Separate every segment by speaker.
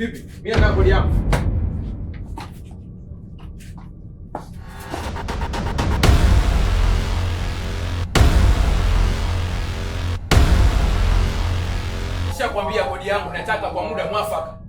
Speaker 1: Vipi? Mimi nataka kodi yako. Nishakwambia kodi yangu nataka kwa muda mwafaka.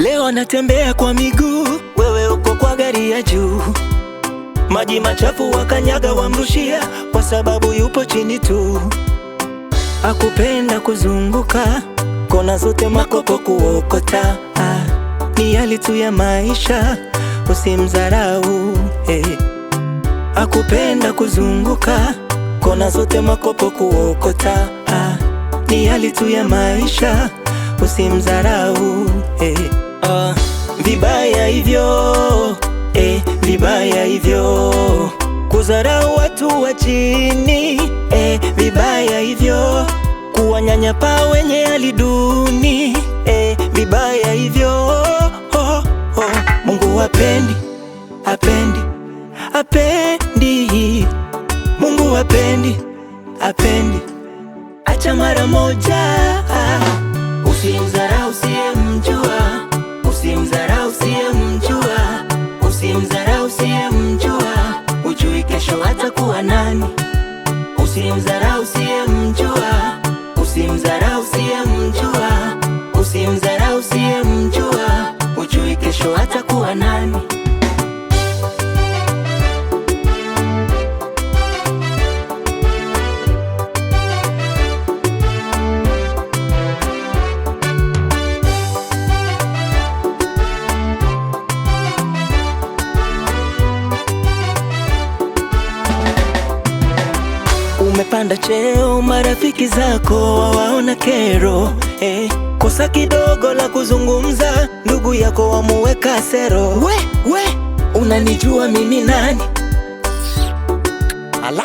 Speaker 2: Leo anatembea kwa miguu, wewe uko kwa gari ya juu. Maji machafu wakanyaga wamrushia, kwa sababu yupo chini tu. Akupenda kuzunguka kona zote, makopo kuokota. Ah, ni hali tu ya maisha, usimdharau hey. Eh. Akupenda kuzunguka kona zote, makopo kuokota. Ah, ni hali tu ya maisha, usimdharau hey. Eh. Ah, vibaya hivyo eh, vibaya hivyo kudharau watu wa chini eh, vibaya hivyo kuwanyanyapaa wenye hali duni eh, vibaya hivyo oh, oh. Mungu hapendi, hapendi, hapendi Mungu hapendi, hapendi acha mara moja, ah, usimdharau usiyemjua watakuwa nani? Usimdharau. kupanda cheo, marafiki zako wawaona kero eh. Kosa kidogo la kuzungumza, ndugu yako wamuweka sero. We, we, unanijua mimi nani? Ala,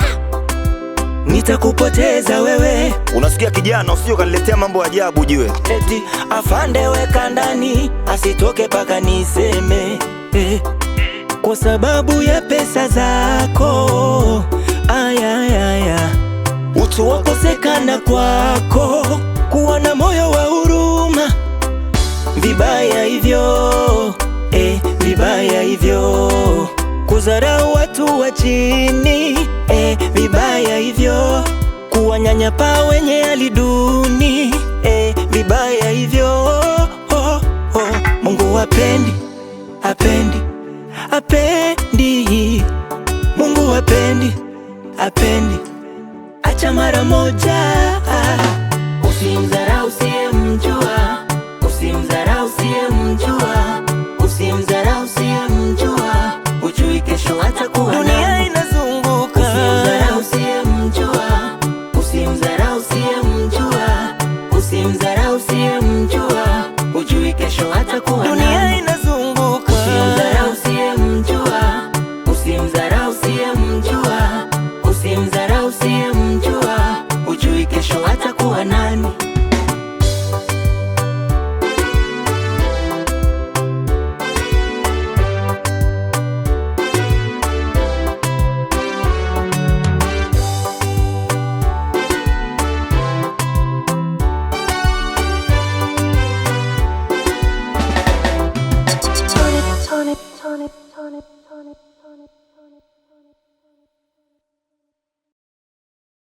Speaker 2: nitakupoteza wewe. Unasikia kijana, usio kaniletea mambo ya ajabu jiwe. Eti afande, weka ndani asitoke paka niseme eh. Kwa sababu ya pesa zako. Aya, ay, ay watu wakosekana kwako, kuwa na moyo wa huruma. Vibaya hivyo eh, vibaya hivyo kuzarau watu wa chini eh, vibaya hivyo kuwanyanyapaa wenye hali duni eh, vibaya hivyo oh, oh. Mungu hapendi, hapendi, hapendi Mungu hapendi, hapendi cha mara